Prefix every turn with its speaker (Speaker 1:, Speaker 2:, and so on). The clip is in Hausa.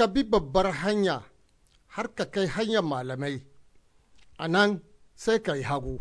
Speaker 1: ka bi babbar hanya har ka kai hanyar malamai a nan sai ka yi hagu